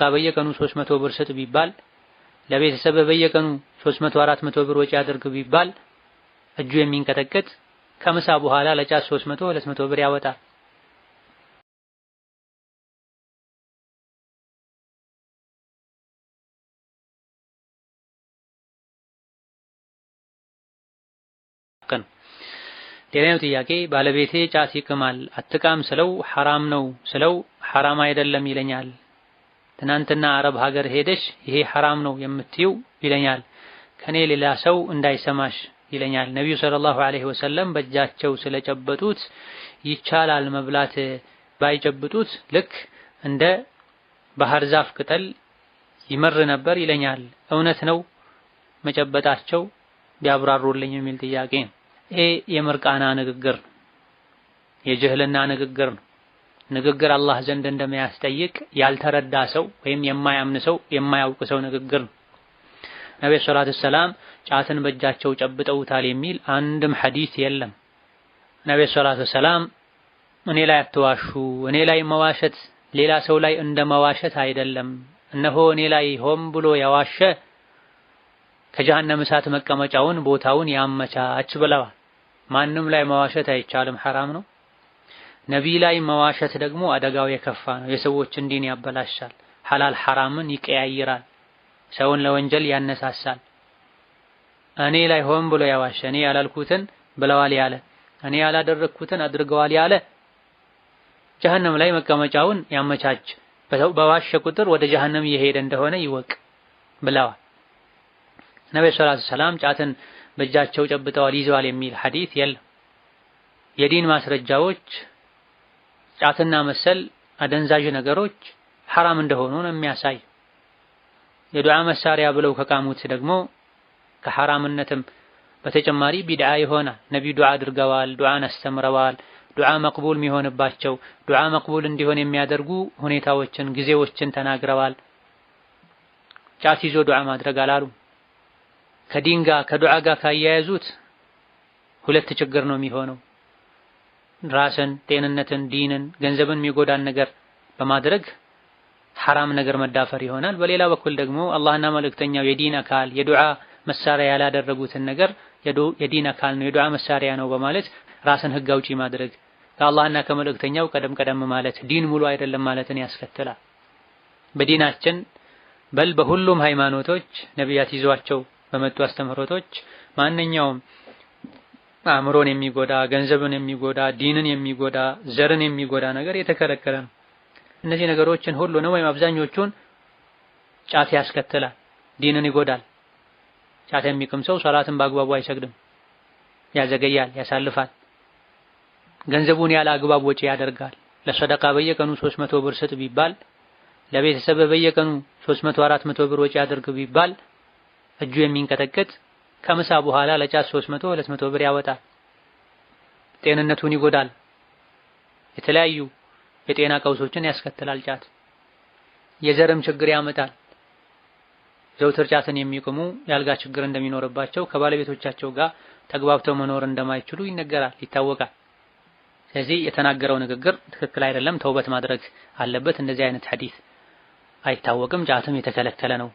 ለሰደቃ በየቀኑ 300 ብር ስጥ ቢባል ለቤተሰብ በየቀኑ 300 400 ብር ወጪ አድርግ ቢባል እጁ የሚንቀጠቀጥ ከምሳ በኋላ ለጫት 300 200 ብር ያወጣል። ሌላኛው ጥያቄ ባለቤቴ ጫት ይቅማል አትቃም ስለው ሐራም ነው ስለው ሐራም አይደለም ይለኛል። ትናንትና አረብ ሀገር ሄደሽ ይሄ ሐራም ነው የምትዩ ይለኛል። ከኔ ሌላ ሰው እንዳይሰማሽ ይለኛል። ነቢዩ ሰለላሁ ዐለይሂ ወሰለም በእጃቸው ስለጨበጡት ይቻላል መብላት ባይጨብጡት ልክ እንደ ባህር ዛፍ ቅጠል ይመር ነበር ይለኛል። እውነት ነው መጨበጣቸው ቢያብራሩልኝ የሚል ጥያቄ ነው። ይሄ የምርቃና ንግግር የጅህልና ንግግር ነው። ንግግር አላህ ዘንድ እንደሚያስጠይቅ ያልተረዳ ሰው ወይም የማያምን ሰው የማያውቅ ሰው ንግግር ነው። ነብዩ ሰላቱ ሰላም ጫትን በእጃቸው ጨብጠውታል የሚል አንድም ሐዲስ የለም። ነብዩ ሰላቱ ሰላም እኔ ላይ አትዋሹ፣ እኔ ላይ መዋሸት ሌላ ሰው ላይ እንደ መዋሸት አይደለም። እነሆ እኔ ላይ ሆም ብሎ ያዋሸ ከጀሃነም እሳት መቀመጫውን ቦታውን ያመቻች ብለዋል። ማንም ላይ መዋሸት አይቻልም፣ ሐራም ነው። ነቢይ ላይ መዋሸት ደግሞ አደጋው የከፋ ነው። የሰዎችን ዲን ያበላሻል፣ ሐላል ሐራምን ይቀያይራል፣ ሰውን ለወንጀል ያነሳሳል። እኔ ላይ ሆን ብሎ ያዋሸ እኔ ያላልኩትን ብለዋል ያለ እኔ ያላደረግኩትን አድርገዋል ያለ ጀሀነም ላይ መቀመጫውን ያመቻች፣ በዋሸ ቁጥር ወደ ጀሀነም እየሄደ እንደሆነ ይወቅ ብለዋል። ነብዩ ሰለላሁ ሰላም ጫትን በእጃቸው ጨብጠዋል ይዘዋል የሚል ሐዲት የለም። የዲን ማስረጃዎች ጫትና መሰል አደንዛዥ ነገሮች ሐራም እንደሆኑ ነው የሚያሳይ። የዱዓ መሳሪያ ብለው ከቃሙት ደግሞ ከሐራምነትም በተጨማሪ ቢድዓ ይሆናል። ነቢዩ ዱዓ አድርገዋል፣ ዱዓን አስተምረዋል። ዱዓ መቅቡል የሚሆንባቸው ዱዓ መቅቡል እንዲሆን የሚያደርጉ ሁኔታዎችን፣ ጊዜዎችን ተናግረዋል። ጫት ይዞ ዱዓ ማድረግ አላሉ። ከዲን ጋር ከዱዓ ጋር ካያያዙት ሁለት ችግር ነው የሚሆነው። ራስን፣ ጤንነትን፣ ዲንን፣ ገንዘብን የሚጎዳን ነገር በማድረግ ሐራም ነገር መዳፈር ይሆናል። በሌላ በኩል ደግሞ አላህና መልእክተኛው የዲን አካል የዱዓ መሳሪያ ያላደረጉትን ነገር የዲን አካል ነው የዱዓ መሳሪያ ነው በማለት ራስን ህግ አውጪ ማድረግ ከአላህና ከመልእክተኛው ቀደም ቀደም ማለት ዲን ሙሉ አይደለም ማለትን ያስከትላል። በዲናችን በል በሁሉም ሃይማኖቶች ነቢያት ይዟቸው በመጡ አስተምህሮቶች ማንኛውም አእምሮን የሚጎዳ ገንዘብን የሚጎዳ ዲንን የሚጎዳ ዘርን የሚጎዳ ነገር የተከለከለ ነው። እነዚህ ነገሮችን ሁሉ ነው ወይም አብዛኞቹን ጫት ያስከትላል፣ ዲንን ይጎዳል። ጫት የሚቅም ሰው ሶላትን በአግባቡ አይሰግድም፣ ያዘገያል፣ ያሳልፋል። ገንዘቡን ያለ አግባብ ወጪ ያደርጋል። ለሰደቃ በየቀኑ 300 ብር ስጥ ቢባል፣ ለቤተሰብ በየቀኑ 300 400 ብር ወጪ ያደርግ ቢባል እጁ የሚንቀጠቅጥ ከምሳ በኋላ ለጫት 300 200 ብር ያወጣል። ጤንነቱን ይጎዳል። የተለያዩ የጤና ቀውሶችን ያስከትላል። ጫት የዘርም ችግር ያመጣል። ዘውትር ጫትን የሚቅሙ የአልጋ ችግር እንደሚኖርባቸው ከባለቤቶቻቸው ጋር ተግባብተው መኖር እንደማይችሉ ይነገራል፣ ይታወቃል። ስለዚህ የተናገረው ንግግር ትክክል አይደለም፣ ተውበት ማድረግ አለበት። እንደዚህ አይነት ሐዲስ አይታወቅም፣ ጫትም የተከለከለ ነው።